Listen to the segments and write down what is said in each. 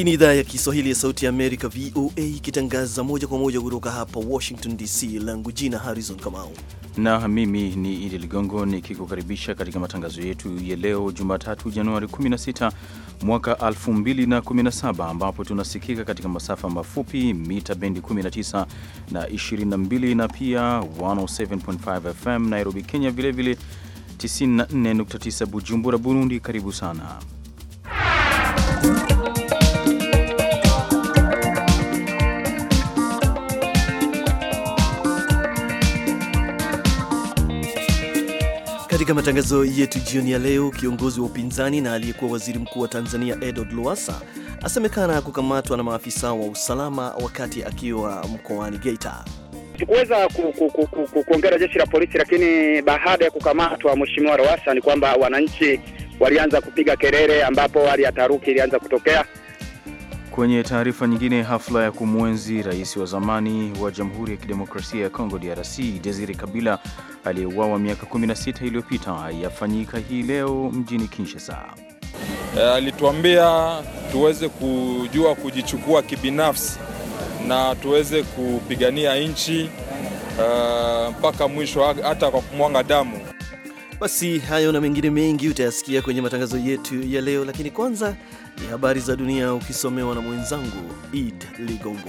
Hii ni idhaa ya Kiswahili ya Sauti ya Amerika, VOA, ikitangaza moja kwa moja kutoka hapa Washington DC. Langu jina Harrison Kamau na mimi ni Idi Ligongo nikikukaribisha katika matangazo yetu ya leo Jumatatu, Januari 16 mwaka 2017, ambapo tunasikika katika masafa mafupi mita bendi 19 na 22 na pia 107.5 FM Nairobi, Kenya, vilevile 94.9 Bujumbura, Burundi. Karibu sana Katika matangazo yetu jioni ya leo, kiongozi wa upinzani na aliyekuwa waziri mkuu wa Tanzania Edward Lowassa asemekana kukamatwa na maafisa wa usalama wakati akiwa mkoani Geita. Sikuweza kuongea na jeshi la polisi, lakini baada ya kukamatwa Mheshimiwa Lowassa ni kwamba wananchi walianza kupiga kelele, ambapo hali ya taharuki ilianza kutokea. Kwenye taarifa nyingine, hafla ya kumwenzi rais wa zamani wa Jamhuri ya Kidemokrasia ya Kongo DRC Desire Kabila aliyeuawa miaka 16 iliyopita yafanyika hii leo mjini Kinshasa. E, alituambia tuweze kujua kujichukua kibinafsi na tuweze kupigania nchi e, mpaka mwisho hata kwa kumwanga damu. Basi hayo na mengine mengi utayasikia kwenye matangazo yetu ya leo, lakini kwanza ni habari za dunia ukisomewa na mwenzangu Id Ligongo.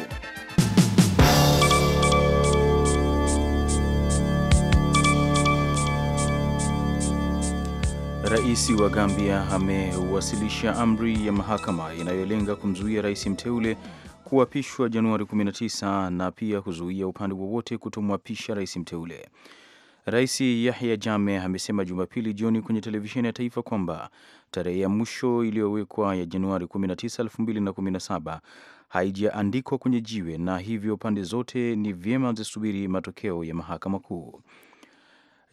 Rais wa Gambia amewasilisha amri ya mahakama inayolenga kumzuia rais mteule kuapishwa Januari 19 na pia kuzuia upande wowote kutomwapisha rais mteule. Rais Yahya Jammeh amesema Jumapili jioni kwenye televisheni ya taifa kwamba tarehe ya mwisho iliyowekwa ya Januari 19, 2017 haijaandikwa kwenye jiwe na hivyo pande zote ni vyema zisubiri matokeo ya mahakama kuu.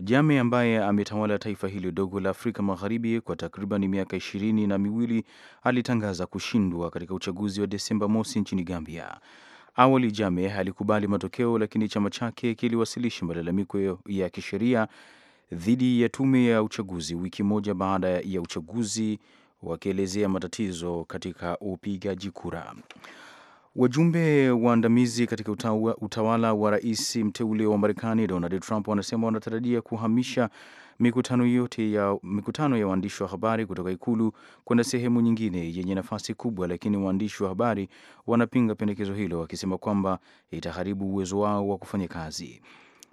Jame ambaye ametawala taifa hilo dogo la Afrika Magharibi kwa takriban miaka ishirini na miwili alitangaza kushindwa katika uchaguzi wa Desemba mosi nchini Gambia Awali jame alikubali matokeo, lakini chama chake kiliwasilisha malalamiko ya kisheria dhidi ya tume ya uchaguzi wiki moja baada ya uchaguzi, wakielezea matatizo katika upigaji kura. Wajumbe waandamizi katika utawala wa rais mteule wa Marekani Donald Trump wanasema wanatarajia kuhamisha mikutano yote ya mikutano ya waandishi wa habari kutoka ikulu kwenda sehemu nyingine yenye nafasi kubwa, lakini waandishi wa habari wanapinga pendekezo hilo, wakisema kwamba itaharibu uwezo wao wa kufanya kazi.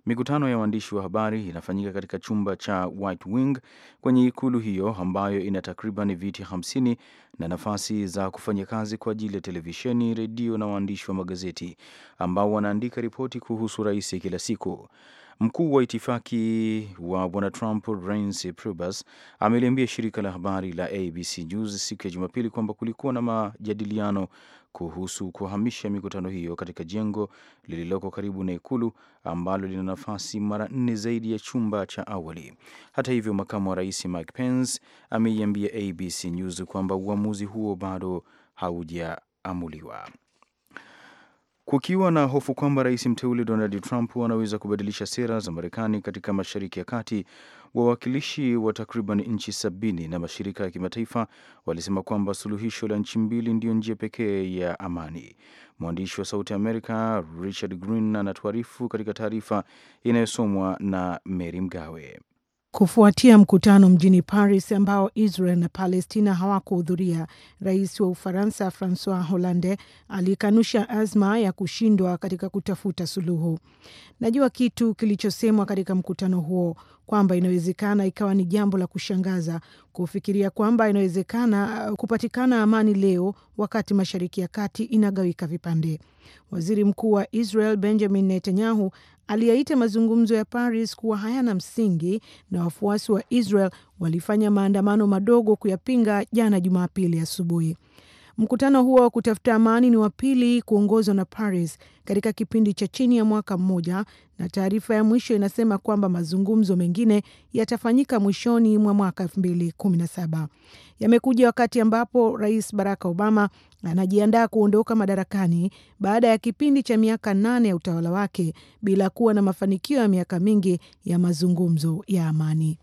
Mikutano ya waandishi wa habari inafanyika katika chumba cha White Wing kwenye ikulu hiyo ambayo ina takriban viti 50 na nafasi za kufanya kazi kwa ajili ya televisheni, redio na waandishi wa magazeti ambao wanaandika ripoti kuhusu rais kila siku. Mkuu wa itifaki wa bwana Trump, Reince Priebus, ameliambia shirika la habari la ABC News siku ya Jumapili kwamba kulikuwa na majadiliano kuhusu kuhamisha mikutano hiyo katika jengo lililoko karibu na ikulu ambalo lina nafasi mara nne zaidi ya chumba cha awali. Hata hivyo, makamu wa rais Mike Pence ameiambia ABC News kwamba uamuzi huo bado haujaamuliwa kukiwa na hofu kwamba rais mteule Donald Trump anaweza kubadilisha sera za Marekani katika Mashariki ya Kati. Wawakilishi wa takriban nchi sabini na mashirika ya kimataifa walisema kwamba suluhisho la nchi mbili ndiyo njia pekee ya amani. Mwandishi wa Sauti Amerika Richard Green anatuarifu katika taarifa inayosomwa na mery Mgawe. Kufuatia mkutano mjini Paris ambao Israel na Palestina hawakuhudhuria, rais wa Ufaransa Francois Hollande alikanusha azma ya kushindwa katika kutafuta suluhu. Najua kitu kilichosemwa katika mkutano huo kwamba inawezekana ikawa ni jambo la kushangaza kufikiria kwamba inawezekana uh, kupatikana amani leo wakati Mashariki ya Kati inagawika vipande. Waziri Mkuu wa Israel Benjamin Netanyahu aliyaita mazungumzo ya Paris kuwa hayana msingi na wafuasi wa Israel walifanya maandamano madogo kuyapinga jana Jumapili asubuhi. Mkutano huo wa kutafuta amani ni wa pili kuongozwa na Paris katika kipindi cha chini ya mwaka mmoja, na taarifa ya mwisho inasema kwamba mazungumzo mengine yatafanyika mwishoni mwa mwaka 2017. Yamekuja wakati ambapo Rais Barack Obama anajiandaa kuondoka madarakani baada ya kipindi cha miaka nane ya utawala wake bila kuwa na mafanikio ya miaka mingi ya mazungumzo ya amani.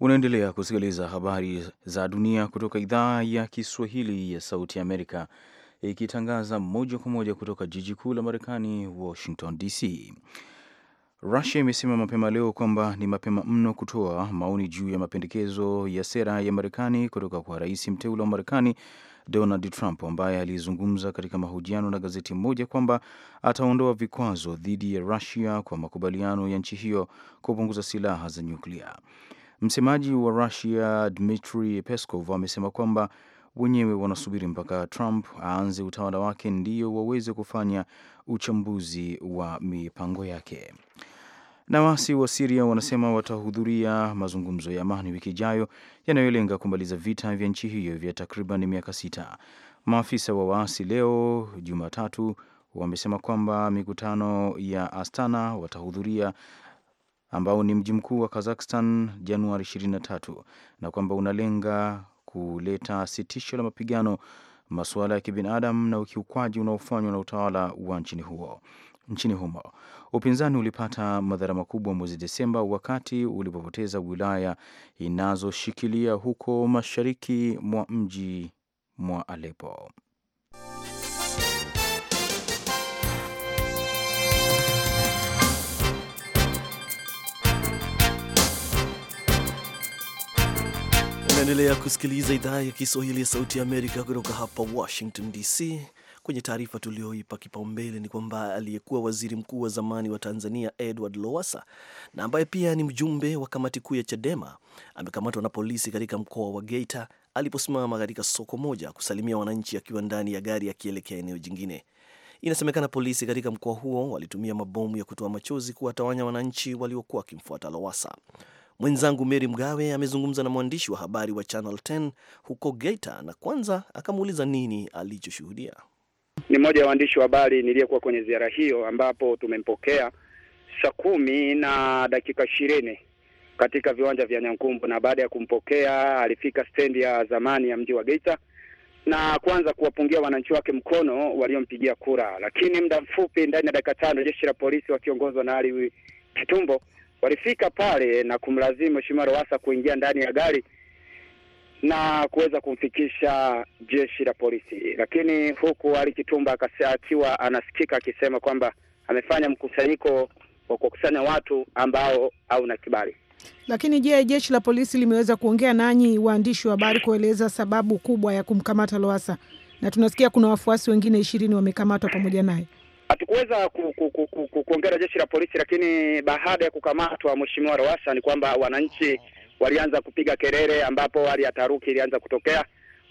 Unaendelea kusikiliza habari za dunia kutoka idhaa ya Kiswahili ya Sauti Amerika ikitangaza moja kwa moja kutoka jiji kuu la Marekani, Washington DC. Rusia imesema mapema leo kwamba ni mapema mno kutoa maoni juu ya mapendekezo ya sera ya Marekani kutoka kwa rais mteule wa Marekani Donald Trump ambaye alizungumza katika mahojiano na gazeti moja kwamba ataondoa vikwazo dhidi ya Rusia kwa makubaliano ya nchi hiyo kupunguza silaha za nyuklia. Msemaji wa Rusia Dmitri Peskov amesema kwamba wenyewe wanasubiri mpaka Trump aanze utawala wake ndiyo waweze kufanya uchambuzi wa mipango yake. Na waasi wa Siria wanasema watahudhuria mazungumzo ya amani wiki ijayo yanayolenga kumaliza vita vya nchi hiyo vya takriban miaka sita. Maafisa wa waasi leo Jumatatu wamesema kwamba mikutano ya Astana watahudhuria ambao ni mji mkuu wa Kazakhstan Januari 23 na kwamba unalenga kuleta sitisho la mapigano, masuala ya kibinadamu na ukiukwaji unaofanywa na utawala wa nchini huo nchini humo. Upinzani ulipata madhara makubwa mwezi Desemba wakati ulipopoteza wilaya inazoshikilia huko mashariki mwa mji mwa Aleppo. Unaendelea kusikiliza idhaa ya Kiswahili ya Sauti ya Amerika kutoka hapa Washington DC. Kwenye taarifa tuliyoipa kipaumbele ni kwamba aliyekuwa waziri mkuu wa zamani wa Tanzania Edward Lowassa na ambaye pia ni mjumbe wa kamati kuu ya Chadema amekamatwa na polisi katika mkoa wa Geita aliposimama katika soko moja kusalimia wananchi akiwa ndani ya gari akielekea eneo jingine. Inasemekana polisi katika mkoa huo walitumia mabomu ya kutoa machozi kuwatawanya wananchi waliokuwa wakimfuata Lowassa. Mwenzangu Mary Mgawe amezungumza na mwandishi wa habari wa Channel 10 huko Geita, na kwanza akamuuliza nini alichoshuhudia. Ni mmoja ya waandishi wa habari niliyekuwa kwenye ziara hiyo, ambapo tumempokea saa kumi na dakika ishirini katika viwanja vya Nyankumbu, na baada ya kumpokea alifika stendi ya zamani ya mji wa Geita na kuanza kuwapungia wananchi wake mkono waliompigia kura. Lakini muda mfupi, ndani ya dakika tano, jeshi la polisi wakiongozwa na Ali Kitumbo Walifika pale na kumlazimu Mheshimiwa Lowassa kuingia ndani ya gari na kuweza kumfikisha jeshi la polisi, lakini huku Ali Kitumba akiwa anasikika akisema kwamba amefanya mkusanyiko wa kukusanya watu ambao hauna kibali. Lakini je, jeshi la polisi limeweza kuongea nanyi waandishi wa habari kueleza sababu kubwa ya kumkamata Lowassa? Na tunasikia kuna wafuasi wengine ishirini wamekamatwa pamoja naye. Hatukuweza kuongea ku, ku, ku, ku, jeshi la polisi, lakini baada ya kukamatwa Mheshimiwa Lowassa ni kwamba wananchi walianza kupiga kelele, ambapo hali ya taruki ilianza kutokea,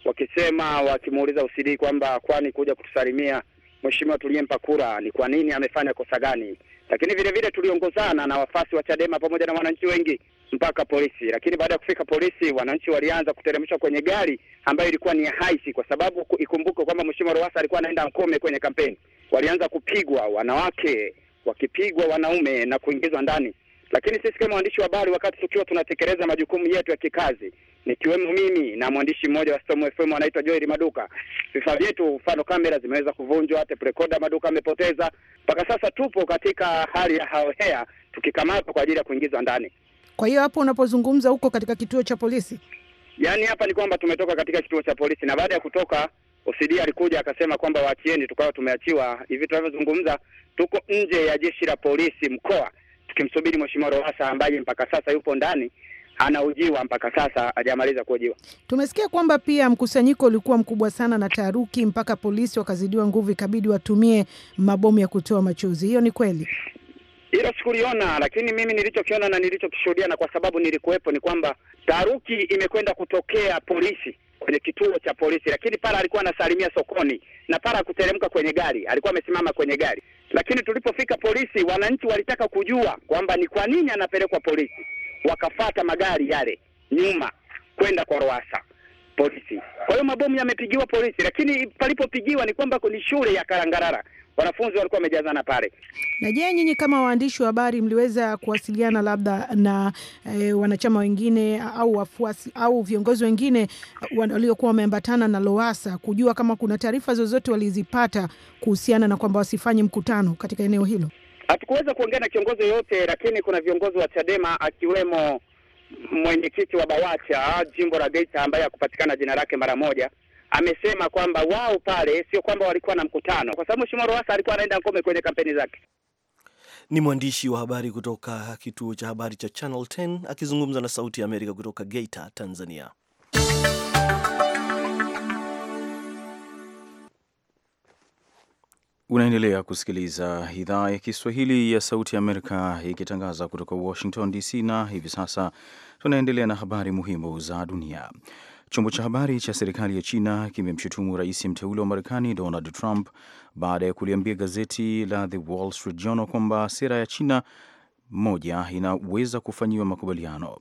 wakisema wakimuuliza Usidi kwamba kwani kuja kutusalimia mheshimiwa tuliyempa kura ni kwa nini amefanya kosa gani? Lakini vile vile tuliongozana na wafasi wa Chadema pamoja na wananchi wengi mpaka polisi, lakini baada ya kufika polisi, wananchi walianza kuteremshwa kwenye gari ambayo ilikuwa ni haisi, kwa sababu ikumbuke kwamba mheshimiwa Lowassa alikuwa anaenda Nkome kwenye kampeni walianza kupigwa wanawake, wakipigwa wanaume na kuingizwa ndani. Lakini sisi kama waandishi wa habari, wakati tukiwa tunatekeleza majukumu yetu ya kikazi, nikiwemo mimi na mwandishi mmoja wa Storm FM anaitwa Joel Maduka, vifaa vyetu, mfano kamera zimeweza kuvunjwa, tape recorder Maduka amepoteza. Mpaka sasa tupo katika hali ya haohea, tukikamatwa kwa ajili ya kuingizwa ndani. Kwa hiyo hapo unapozungumza huko katika kituo cha polisi, yaani hapa ni kwamba tumetoka katika kituo cha polisi, na baada ya kutoka OCD alikuja akasema kwamba waachieni, tukawa tumeachiwa. Hivi tunavyozungumza tuko nje ya jeshi la polisi mkoa tukimsubiri mheshimiwa Rohasa ambaye mpaka sasa yupo ndani anaujiwa mpaka sasa hajamaliza kuojiwa. Tumesikia kwamba pia mkusanyiko ulikuwa mkubwa sana na taharuki, mpaka polisi wakazidiwa nguvu, ikabidi watumie mabomu ya kutoa machozi. Hiyo ni kweli? Hilo sikuliona, lakini mimi nilichokiona na nilichokishuhudia, na kwa sababu nilikuwepo, ni kwamba taharuki imekwenda kutokea polisi kwenye kituo cha polisi, lakini para alikuwa anasalimia sokoni na para kuteremka kwenye gari, alikuwa amesimama kwenye gari. Lakini tulipofika polisi, wananchi walitaka kujua kwamba ni kwa nini anapelekwa polisi, wakafata magari yale nyuma kwenda kwa Roasa polisi. Kwa hiyo mabomu yamepigiwa polisi, lakini palipopigiwa ni kwamba ni shule ya karangarara wanafunzi walikuwa wamejazana pale. Na je, nyinyi kama waandishi wa habari mliweza kuwasiliana labda na e, wanachama wengine au wafuasi au viongozi wengine waliokuwa wameambatana na loasa kujua kama kuna taarifa zozote walizipata kuhusiana na kwamba wasifanye mkutano katika eneo hilo? Hatukuweza kuongea na kiongozi yoyote, lakini kuna viongozi wa Chadema akiwemo mwenyekiti wa BAWACHA jimbo la Geita ambaye hakupatikana jina lake mara moja amesema kwamba wao pale sio kwamba walikuwa na mkutano, kwa sababu Mheshimiwa Lowassa alikuwa anaenda Ngome kwenye kampeni zake. Ni mwandishi wa habari kutoka kituo cha habari cha Channel 10 akizungumza na Sauti ya Amerika kutoka Geita, Tanzania. Unaendelea kusikiliza idhaa ya Kiswahili ya Sauti ya Amerika ikitangaza kutoka Washington DC, na hivi sasa tunaendelea na habari muhimu za dunia. Chombo cha habari cha serikali ya China kimemshutumu rais mteule wa Marekani Donald Trump baada ya kuliambia gazeti la The Wall Street Journal kwamba sera ya China moja inaweza kufanyiwa makubaliano.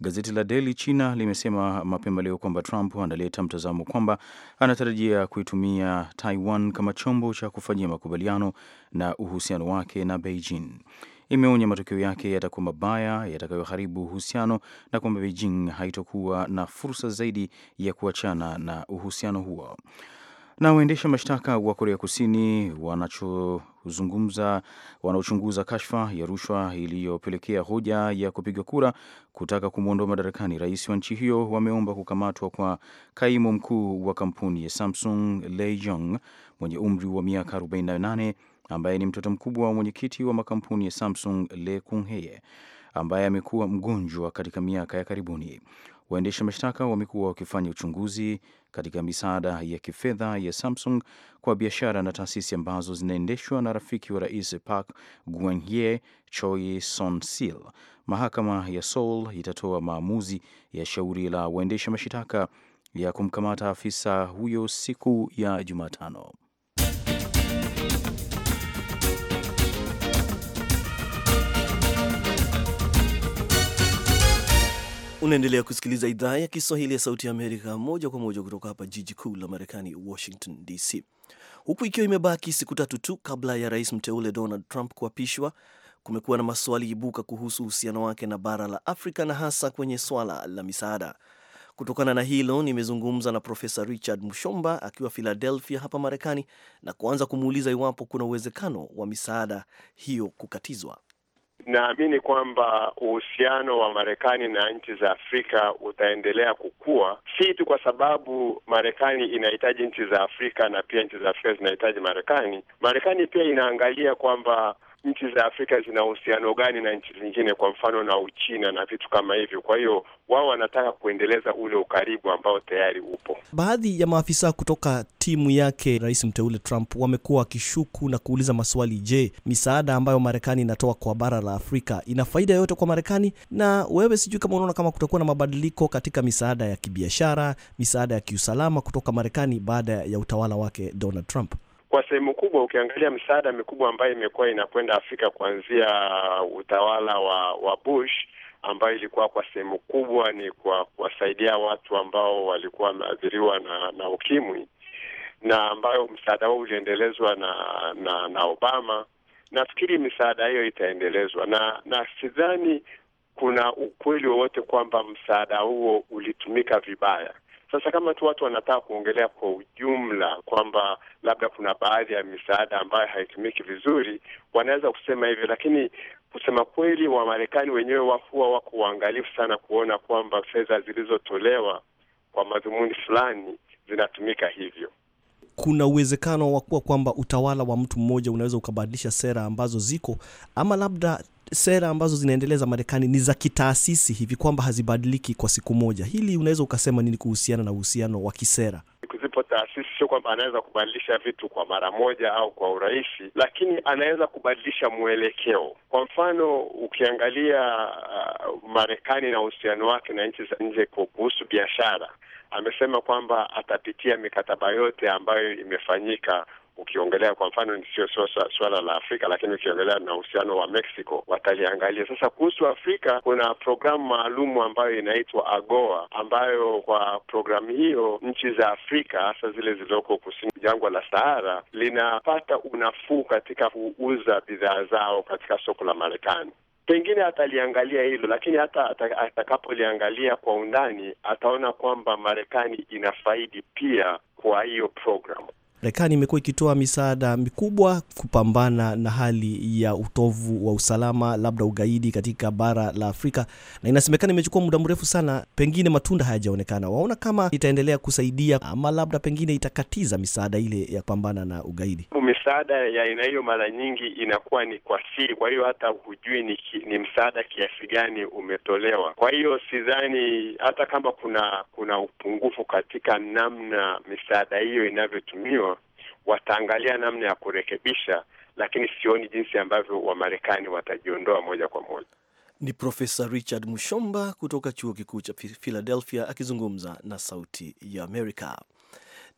Gazeti la Daily China limesema mapema leo kwamba Trump analeta mtazamo kwamba anatarajia kuitumia Taiwan kama chombo cha kufanyia makubaliano na uhusiano wake na Beijing. Imeonya matokeo yake yatakuwa mabaya yatakayoharibu uhusiano na kwamba Beijing haitokuwa na fursa zaidi ya kuachana na uhusiano huo. Na waendesha mashtaka wa Korea Kusini wanachozungumza wanaochunguza kashfa ya rushwa iliyopelekea hoja ya kupiga kura kutaka kumwondoa madarakani rais wa nchi hiyo wameomba kukamatwa kwa kaimu mkuu wa kampuni ya Samsung Lee Jong mwenye umri wa miaka 48 ambaye ni mtoto mkubwa wa mwenyekiti wa makampuni ya Samsung Lee Kung-hee ambaye amekuwa mgonjwa katika miaka ya karibuni. Waendesha mashtaka wamekuwa wakifanya uchunguzi katika misaada ya kifedha ya Samsung kwa biashara na taasisi ambazo zinaendeshwa na rafiki wa rais Park Geun-hye, Choi Son-sil. Mahakama ya Seoul itatoa maamuzi ya shauri la waendesha mashitaka ya kumkamata afisa huyo siku ya Jumatano. Unaendelea kusikiliza idhaa ya Kiswahili ya Sauti ya Amerika moja kwa moja kutoka hapa jiji kuu la Marekani, Washington DC, huku ikiwa imebaki siku tatu tu kabla ya rais mteule Donald Trump kuapishwa. Kumekuwa na maswali ibuka kuhusu uhusiano wake na bara la Afrika na hasa kwenye swala la misaada. Kutokana na hilo, nimezungumza na Profesa Richard Mushomba akiwa Philadelphia hapa Marekani, na kuanza kumuuliza iwapo kuna uwezekano wa misaada hiyo kukatizwa. Naamini kwamba uhusiano wa Marekani na nchi za Afrika utaendelea kukua, si tu kwa sababu Marekani inahitaji nchi za Afrika na pia nchi za Afrika zinahitaji Marekani. Marekani pia inaangalia kwamba nchi za Afrika zina uhusiano gani na nchi zingine, kwa mfano na Uchina na vitu kama hivyo. Kwa hiyo wao wanataka kuendeleza ule ukaribu ambao tayari upo. Baadhi ya maafisa kutoka timu yake rais mteule Trump wamekuwa wakishuku na kuuliza maswali. Je, misaada ambayo Marekani inatoa kwa bara la Afrika ina faida yoyote kwa Marekani? Na wewe, sijui kama unaona kama kutakuwa na mabadiliko katika misaada ya kibiashara, misaada ya kiusalama kutoka Marekani baada ya utawala wake Donald Trump? kwa sehemu kubwa, ukiangalia msaada mikubwa ambayo imekuwa inakwenda Afrika kuanzia utawala wa, wa Bush ambayo ilikuwa kwa sehemu kubwa ni kwa kuwasaidia watu ambao walikuwa wameathiriwa na, na ukimwi na ambayo msaada huo uliendelezwa na, na na Obama. Nafikiri misaada hiyo itaendelezwa na na sidhani kuna ukweli wowote kwamba msaada huo ulitumika vibaya. Sasa kama tu watu wanataka kuongelea kwa ujumla kwamba labda kuna baadhi ya misaada ambayo haitumiki vizuri, wanaweza kusema hivyo, lakini kusema kweli, Wamarekani wenyewe wahuwa wako waangalifu sana kuona kwamba fedha zilizotolewa kwa madhumuni fulani zinatumika hivyo. Kuna uwezekano wa kuwa kwamba utawala wa mtu mmoja unaweza ukabadilisha sera ambazo ziko, ama labda sera ambazo zinaendelea za Marekani ni za kitaasisi hivi kwamba hazibadiliki kwa siku moja. Hili unaweza ukasema nini kuhusiana na uhusiano wa kisera? Zipo taasisi, sio kwamba anaweza kubadilisha vitu kwa mara moja au kwa urahisi, lakini anaweza kubadilisha mwelekeo. Kwa mfano, ukiangalia uh, Marekani na uhusiano wake na nchi za nje kuhusu biashara, amesema kwamba atapitia mikataba yote ambayo imefanyika ukiongelea kwa mfano sio suala la Afrika, lakini ukiongelea na uhusiano wa Mexico wataliangalia. Sasa kuhusu Afrika, kuna programu maalumu ambayo inaitwa AGOA, ambayo kwa programu hiyo nchi za Afrika hasa zile zilizoko kusini jangwa la Sahara linapata unafuu katika kuuza bidhaa zao katika soko la Marekani. Pengine ataliangalia hilo, lakini hata atakapoliangalia kwa undani ataona kwamba Marekani inafaidi pia kwa hiyo programu. Marekani imekuwa ikitoa misaada mikubwa kupambana na hali ya utovu wa usalama, labda ugaidi katika bara la Afrika, na inasemekana imechukua muda mrefu sana, pengine matunda hayajaonekana. Waona kama itaendelea kusaidia ama labda pengine itakatiza misaada ile ya kupambana na ugaidi? Misaada ya aina hiyo mara nyingi inakuwa ni kwa siri, kwa hiyo hata hujui ni, ni msaada kiasi gani umetolewa. Kwa hiyo sidhani hata kama kuna kuna upungufu katika namna misaada hiyo inavyotumiwa wataangalia namna ya kurekebisha, lakini sioni jinsi ambavyo Wamarekani watajiondoa moja kwa moja. Ni Profesa Richard Mushomba kutoka chuo kikuu cha Philadelphia akizungumza na Sauti ya Amerika.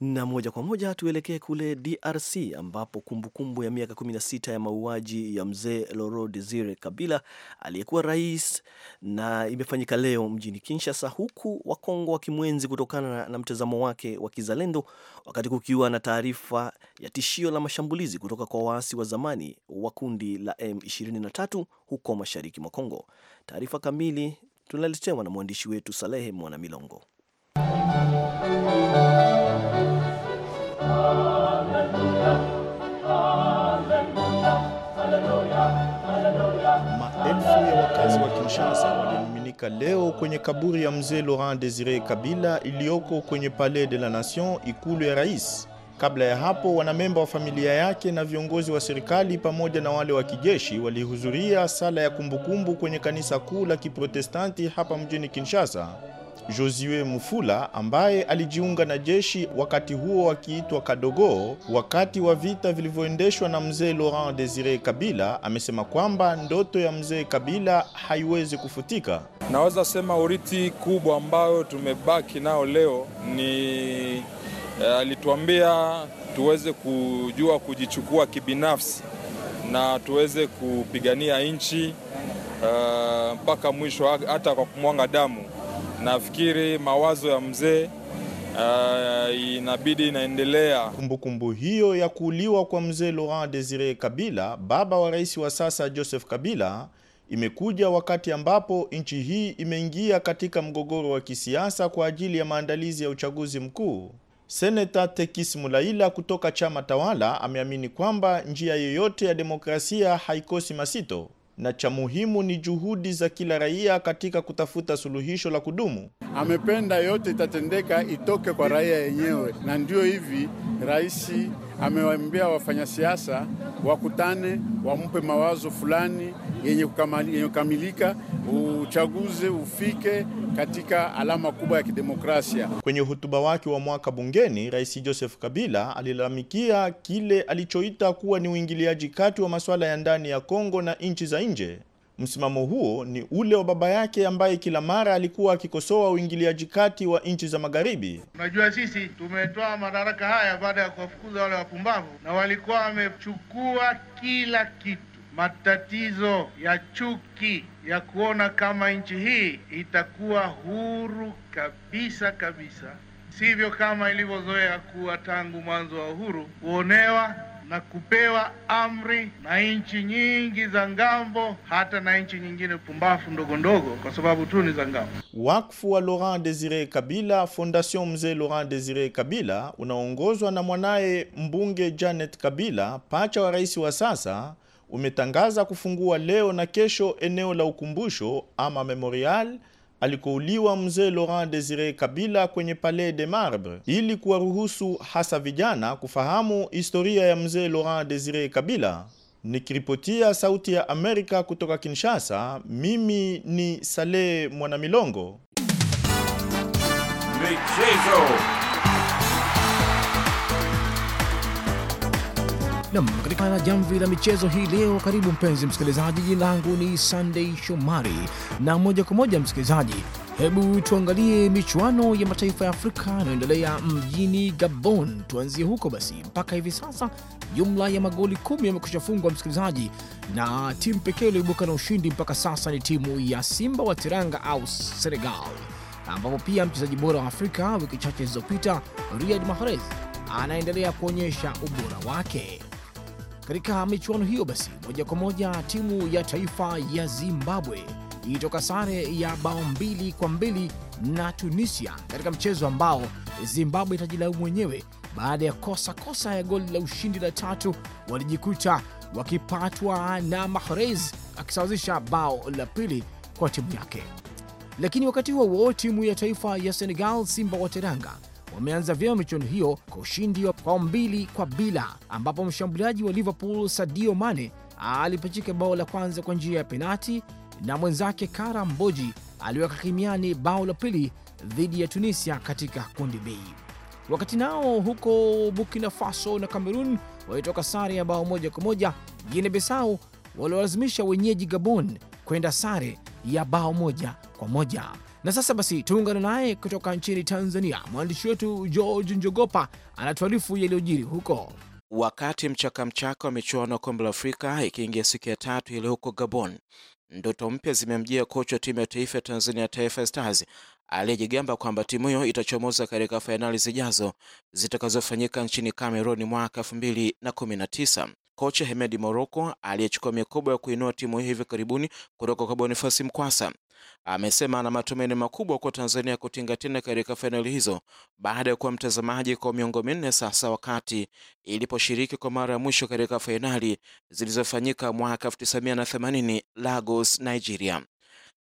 Na moja kwa moja tuelekee kule DRC ambapo kumbukumbu kumbu ya miaka 16 ya mauaji ya mzee Laurent Desire Kabila aliyekuwa rais na imefanyika leo mjini Kinshasa, huku Wakongo wakimwenzi kutokana na, na mtazamo wake wa kizalendo, wakati kukiwa na taarifa ya tishio la mashambulizi kutoka kwa waasi wa zamani wa kundi la M23 huko mashariki mwa Kongo. Taarifa kamili tunaletewa na mwandishi wetu Salehe Mwanamilongo. Wakazi wa Kinshasa walimiminika leo kwenye kaburi ya mzee Laurent Desire Kabila iliyoko kwenye Palais de la Nation, ikulu ya rais. Kabla ya hapo, wanamemba wa familia yake na viongozi wa serikali pamoja na wale wa kijeshi walihudhuria sala ya kumbukumbu kwenye kanisa kuu la Kiprotestanti hapa mjini Kinshasa. Josue Mufula ambaye alijiunga na jeshi wakati huo akiitwa Kadogo wakati wa vita vilivyoendeshwa na mzee Laurent Desire Kabila amesema kwamba ndoto ya mzee Kabila haiwezi kufutika. Naweza sema urithi kubwa ambayo tumebaki nao leo ni eh, alituambia tuweze kujua kujichukua kibinafsi na tuweze kupigania nchi eh, mpaka uh, mwisho hata kwa kumwanga damu. Nafikiri mawazo ya mzee Uh, inabidi inaendelea. Kumbukumbu hiyo ya kuuliwa kwa mzee Laurent Desire Kabila, baba wa rais wa sasa Joseph Kabila, imekuja wakati ambapo nchi hii imeingia katika mgogoro wa kisiasa kwa ajili ya maandalizi ya uchaguzi mkuu. Seneta Tekis Mulaila kutoka chama tawala ameamini kwamba njia yoyote ya demokrasia haikosi masito na cha muhimu ni juhudi za kila raia katika kutafuta suluhisho la kudumu. Amependa yote itatendeka itoke kwa raia yenyewe, na ndio hivi rais amewaambia wafanyasiasa wakutane, wampe mawazo fulani yenye kukamilika, uchaguzi ufike katika alama kubwa ya kidemokrasia. Kwenye hotuba wake wa mwaka bungeni, Rais Joseph Kabila alilalamikia kile alichoita kuwa ni uingiliaji kati wa masuala ya ndani ya Kongo na nchi za nje. Msimamo huo ni ule wa baba yake ambaye kila mara alikuwa akikosoa uingiliaji kati wa nchi za magharibi. Unajua, sisi tumetoa madaraka haya baada ya kuwafukuza wale wapumbavu, na walikuwa wamechukua kila kitu. Matatizo ya chuki ya kuona kama nchi hii itakuwa huru kabisa kabisa, sivyo kama ilivyozoea kuwa tangu mwanzo wa uhuru, kuonewa na kupewa amri na nchi nyingi za ngambo, hata na nchi nyingine pumbafu ndogo ndogo, kwa sababu tu ni za ngambo. Wakfu wa Laurent Desire Kabila, Fondation Mzee Laurent Desire Kabila, unaongozwa na mwanaye mbunge Janet Kabila, pacha wa rais wa sasa, umetangaza kufungua leo na kesho eneo la ukumbusho ama memorial alikouliwa mzee Laurent Desire Kabila kwenye Palais de Marbre. Ili kuwaruhusu hasa vijana kufahamu historia ya mzee Laurent Desire Kabila, nikiripotia Sauti ya Amerika kutoka Kinshasa, mimi ni Saleh Mwanamilongo. Michezo. Nam, katika jamvi la michezo hii leo, karibu mpenzi msikilizaji. Jina langu ni Sunday Shomari na moja kwa moja msikilizaji, hebu tuangalie michuano ya mataifa ya Afrika yanayoendelea mjini Gabon. Tuanzie huko basi. Mpaka hivi sasa jumla ya magoli kumi yamekusha fungwa msikilizaji, na timu pekee iliyoibuka na ushindi mpaka sasa ni timu ya Simba wa Tiranga au Senegal, ambapo pia mchezaji bora wa Afrika wiki chache zilizopita Riyad Mahrez anaendelea kuonyesha ubora wake. Katika michuano hiyo basi, moja kwa moja timu ya taifa ya Zimbabwe ilitoka sare ya bao mbili kwa mbili na Tunisia katika mchezo ambao Zimbabwe itajilaumu mwenyewe baada ya kosa kosa ya goli la ushindi la tatu, walijikuta wakipatwa na Mahrez akisawazisha bao la pili kwa timu yake. Lakini wakati huo huo timu ya taifa ya Senegal, Simba wa Teranga wameanza vyema michuano hiyo kwa ushindi wa mbili kwa bila, ambapo mshambuliaji wa Liverpool Sadio Mane alipachika bao la kwanza kwa njia ya penati na mwenzake Kara Mboji aliweka kimiani bao la pili dhidi ya Tunisia katika kundi B. Wakati nao huko Burkina Faso na Cameroon walitoka sare ya bao moja kwa moja. Guinea Bissau waliolazimisha wenyeji Gabon kwenda sare ya bao moja kwa moja. Na sasa basi tuungane naye kutoka nchini Tanzania, mwandishi wetu George Njogopa anatuarifu yaliyojiri huko. Wakati mchakamchaka wa michuano ya kombe la Afrika ikiingia siku ya tatu ile huko Gabon, ndoto mpya zimemjia kocha wa timu ya taifa ya Tanzania, Taifa Stars, aliyejigamba kwamba timu hiyo itachomoza katika fainali zijazo zitakazofanyika nchini Cameroon mwaka elfu mbili na na kumi tisa Kocha Hemedi Moroko aliyechukua mikoba ya kuinua timu hiyo hivi karibuni kutoka kwa Bonifasi Mkwasa Amesema ana matumaini makubwa kwa Tanzania kutinga tena katika fainali hizo baada ya kuwa mtazamaji kwa miongo minne sasa, wakati iliposhiriki kwa mara ya mwisho katika fainali zilizofanyika mwaka 1980 Lagos, Nigeria.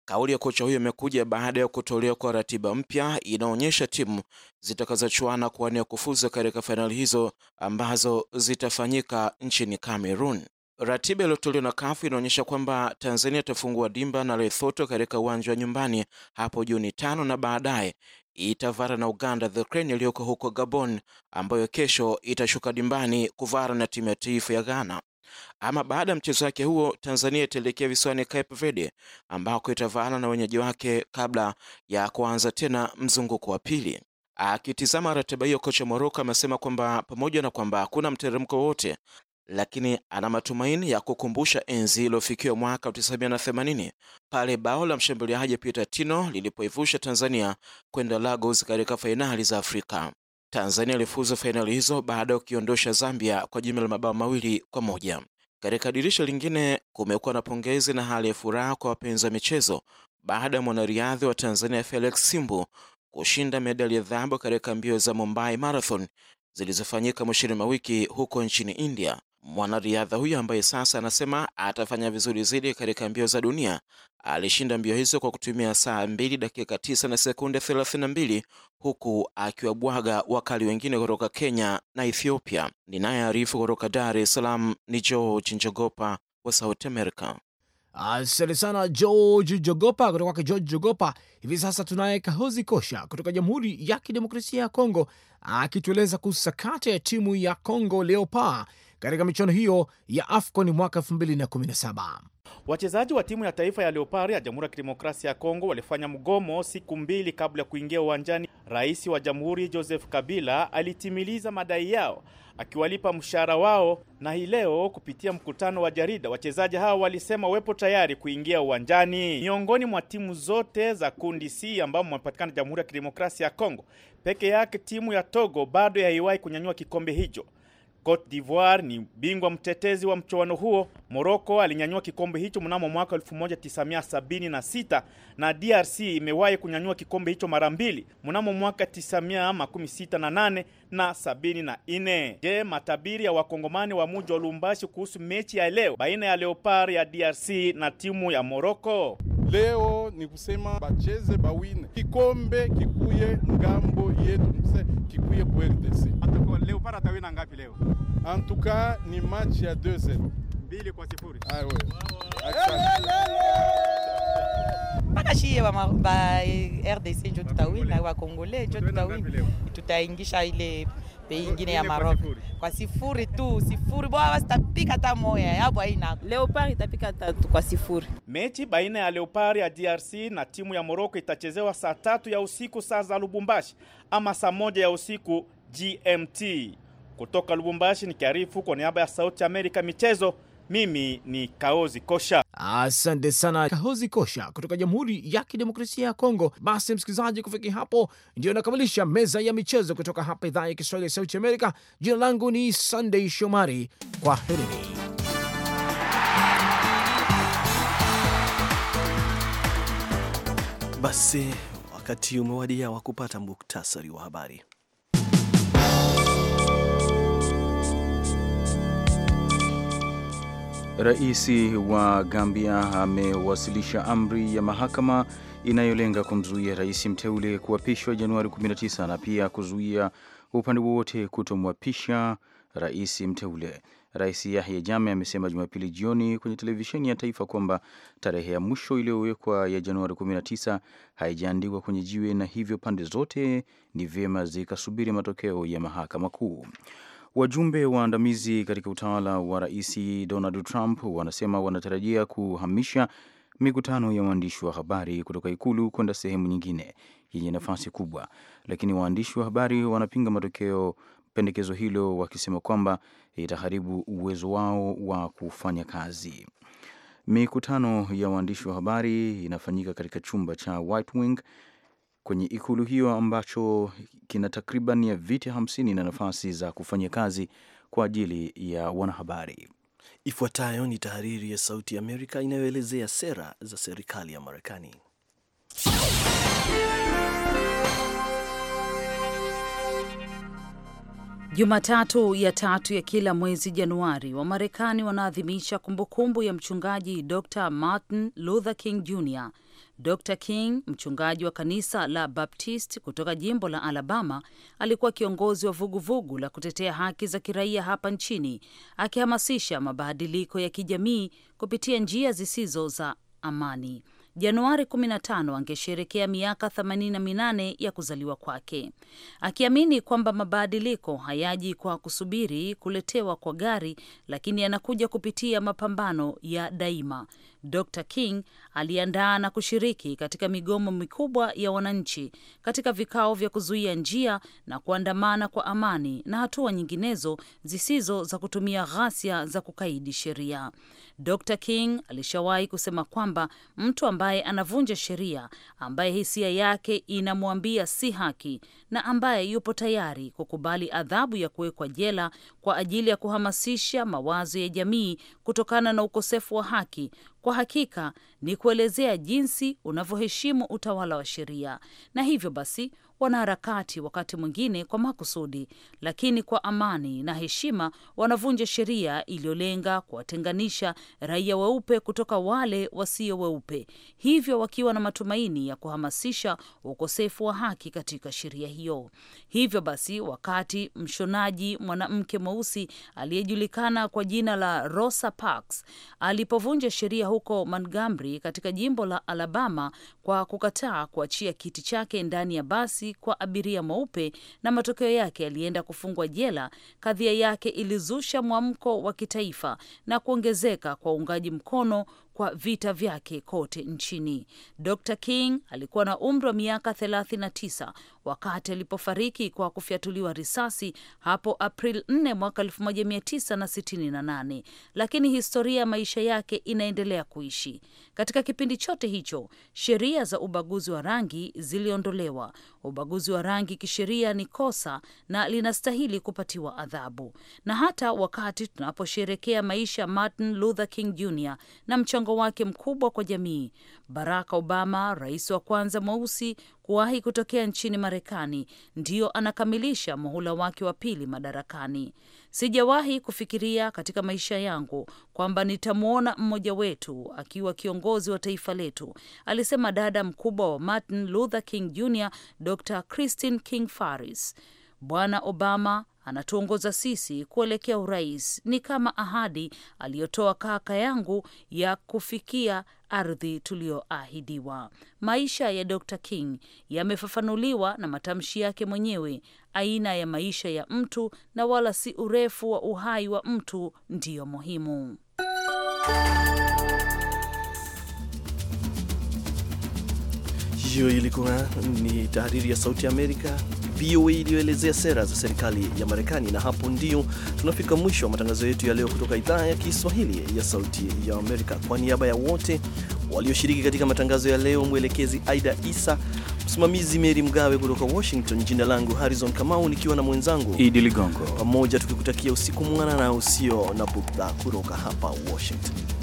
Kauli ya kocha huyo imekuja baada ya kutolewa kwa ratiba mpya inaonyesha timu zitakazochuana kuwania kufuzu katika fainali hizo ambazo zitafanyika nchini Cameroon. Ratiba iliyotolewa na CAF inaonyesha kwamba Tanzania itafungua dimba na Lesotho katika uwanja wa nyumbani hapo Juni tano na baadaye itavara na Uganda The Crane iliyoko huko Gabon, ambayo kesho itashuka dimbani kuvara na timu ya taifa ya Ghana. Ama baada ya mchezo wake huo, Tanzania itaelekea visiwani Cape Verde ambako itavaana na wenyeji wake kabla ya kuanza tena mzunguko wa pili. Akitizama ratiba hiyo, kocha Moroko amesema kwamba pamoja na kwamba hakuna mteremko wowote, lakini ana matumaini ya kukumbusha enzi iliyofikiwa mwaka 1980 pale bao la mshambuliaji Peter Tino lilipoivusha Tanzania kwenda Lagos katika fainali za Afrika. Tanzania ilifuzu fainali hizo baada ya kukiondosha Zambia kwa jumla mabao mawili kwa moja. Katika dirisha lingine, kumekuwa na pongezi na hali ya furaha kwa wapenzi wa michezo baada ya mwanariadhi wa Tanzania Felix Simbu kushinda medali ya dhahabu katika mbio za Mumbai Marathon zilizofanyika mwishoni mwa wiki huko nchini India Mwanariadha huyo ambaye sasa anasema atafanya vizuri zaidi katika mbio za dunia alishinda mbio hizo kwa kutumia saa mbili dakika tisa na sekunde mbili huku akiwabwaga wakali wengine kutoka Kenya na Ethiopia. Ninayearifu kutoka Dar es Salaam ni George Njogopa wa South America. Asante sana George Jogopa kutoka kwake George Jogopa. Hivi sasa tunaye Kahozi Kosha kutoka Jamhuri ya Kidemokrasia ya Kongo akitueleza kuhusu sakata ya timu ya Kongo Leopards katika michuano hiyo ya AFCON mwaka 2017. Wachezaji wa timu ya taifa ya Leopari ya Jamhuri ya Kidemokrasia ya Kongo walifanya mgomo siku mbili kabla ya kuingia uwanjani. Rais wa Jamhuri Joseph Kabila alitimiliza madai yao akiwalipa mshahara wao, na hii leo kupitia mkutano wa jarida wachezaji hao walisema wepo tayari kuingia uwanjani. Miongoni mwa timu zote za kundi C ambamo wamepatikana Jamhuri ya Kidemokrasia ya Kongo, peke yake timu ya Togo bado haiwahi kunyanyua kikombe hicho. Cote d'Ivoire ni bingwa mtetezi wa mchuano huo. moroko alinyanyua kikombe hicho mnamo mwaka 1976 na DRC imewahi kunyanyua kikombe hicho mara mbili mnamo mwaka 1968 na 74. Je, matabiri ya wakongomani wa muji wa lumbashi kuhusu mechi ya leo baina ya Leopard ya DRC na timu ya moroko leo ni kusema bacheze bawine kikombe kikuye ngambo yetu, mse kikuye ku RDC. Atakuwa leo para tawina ngapi leo? En tout cas ni match ya 2-0. Mbili kwa sifuri. Ah, wewe. Mpaka shiye wa, ba eh, RDC njo tutawina, wa Kongole njo tutawina, tutaingisha ile bei ingine ya Maroc kwa sifuri tu, sifuri bwa bwana, tapika hata moya yabo haina. Leopard itapika tatu kwa sifuri. Mechi baina ya Leopard ya DRC na timu ya Moroko itachezewa saa tatu ya usiku saa za Lubumbashi, ama saa moja ya usiku GMT. Kutoka Lubumbashi nikiarifu kwa niaba ya Sauti Amerika michezo. Mimi ni Kaozi Kosha. Asante sana Kaozi Kosha kutoka Jamhuri ya Kidemokrasia ya Kongo. Basi msikilizaji, kufikia hapo ndio nakamilisha meza ya michezo kutoka hapa idhaa ya Kiswahili ya Sauti Amerika. Jina langu ni sandey Shomari, kwa herini. Basi wakati umewadia wa kupata muktasari wa habari. Rais wa Gambia amewasilisha amri ya mahakama inayolenga kumzuia rais mteule kuapishwa Januari 19 na pia kuzuia upande wowote kutomwapisha rais mteule. Rais Yahya Jammeh amesema Jumapili jioni kwenye televisheni ya taifa kwamba tarehe ya mwisho iliyowekwa ya Januari 19 haijaandikwa kwenye jiwe na hivyo pande zote ni vyema zikasubiri matokeo ya mahakama kuu. Wajumbe waandamizi katika utawala wa Rais Donald Trump wanasema wanatarajia kuhamisha mikutano ya waandishi wa habari kutoka ikulu kwenda sehemu nyingine yenye nafasi kubwa, lakini waandishi wa habari wanapinga matokeo pendekezo hilo, wakisema kwamba itaharibu uwezo wao wa kufanya kazi. Mikutano ya waandishi wa habari inafanyika katika chumba cha White Wing kwenye ikulu hiyo ambacho kina takriban ya viti hamsini na nafasi za kufanya kazi kwa ajili ya wanahabari. Ifuatayo ni tahariri ya Sauti ya Amerika inayoelezea sera za serikali ya Marekani. Jumatatu ya tatu ya kila mwezi Januari, Wamarekani wanaadhimisha kumbukumbu ya mchungaji Dr Martin Luther King Jr. Dr King, mchungaji wa kanisa la Baptist kutoka jimbo la Alabama, alikuwa kiongozi wa vuguvugu vugu la kutetea haki za kiraia hapa nchini, akihamasisha mabadiliko ya kijamii kupitia njia zisizo za amani. Januari 15 angesherekea miaka 88 ya kuzaliwa kwake, akiamini kwamba mabadiliko hayaji kwa kusubiri kuletewa kwa gari, lakini yanakuja kupitia mapambano ya daima. Dr King aliandaa na kushiriki katika migomo mikubwa ya wananchi katika vikao vya kuzuia njia na kuandamana kwa amani na hatua nyinginezo zisizo za kutumia ghasia za kukaidi sheria. Dr King alishawahi kusema kwamba mtu ambaye anavunja sheria, ambaye hisia yake inamwambia si haki na ambaye yupo tayari kukubali adhabu ya kuwekwa jela kwa ajili ya kuhamasisha mawazo ya jamii kutokana na ukosefu wa haki kwa kwa hakika ni kuelezea jinsi unavyoheshimu utawala wa sheria, na hivyo basi wanaharakati wakati mwingine kwa makusudi, lakini kwa amani na heshima wanavunja sheria iliyolenga kuwatenganisha raia weupe kutoka wale wasio weupe, hivyo wakiwa na matumaini ya kuhamasisha ukosefu wa haki katika sheria hiyo. Hivyo basi, wakati mshonaji mwanamke mweusi aliyejulikana kwa jina la Rosa Parks alipovunja sheria huko Montgomery katika jimbo la Alabama kwa kukataa kuachia kiti chake ndani ya basi kwa abiria mweupe na matokeo yake alienda kufungwa jela. Kadhia yake ilizusha mwamko wa kitaifa na kuongezeka kwa uungaji mkono kwa vita vyake kote nchini. Dr King alikuwa na umri wa miaka 39 wakati alipofariki kwa kufyatuliwa risasi hapo April 4 mwaka 1968, lakini historia ya maisha yake inaendelea kuishi. Katika kipindi chote hicho, sheria za ubaguzi wa rangi ziliondolewa. Ubaguzi wa rangi kisheria ni kosa na linastahili kupatiwa adhabu, na hata wakati tunaposherekea maisha Martin Luther King Jr na mchango mchango wake mkubwa kwa jamii. Barack Obama, rais wa kwanza mweusi kuwahi kutokea nchini Marekani, ndiyo anakamilisha muhula wake wa pili madarakani. Sijawahi kufikiria katika maisha yangu kwamba nitamwona mmoja wetu akiwa kiongozi wa taifa letu, alisema dada mkubwa wa Martin Luther King Jr, Dr Christine King Faris. Bwana Obama anatuongoza sisi kuelekea urais. Ni kama ahadi aliyotoa kaka yangu ya kufikia ardhi tuliyoahidiwa. Maisha ya Dr. King yamefafanuliwa na matamshi yake mwenyewe. Aina ya maisha ya mtu na wala si urefu wa uhai wa mtu ndiyo muhimu. Hiyo ilikuwa ni tahariri ya Sauti Amerika VOA iliyoelezea sera za serikali ya Marekani. Na hapo ndio tunafika mwisho wa matangazo yetu ya leo kutoka idhaa ya Kiswahili ya Sauti ya Amerika. Kwa niaba ya wote walioshiriki katika matangazo ya leo, mwelekezi Aida Isa, msimamizi Meri Mgawe kutoka Washington, jina langu Harrison Kamau nikiwa na mwenzangu Idi Ligongo, pamoja tukikutakia usiku mwana na usio na bughudha kutoka hapa Washington.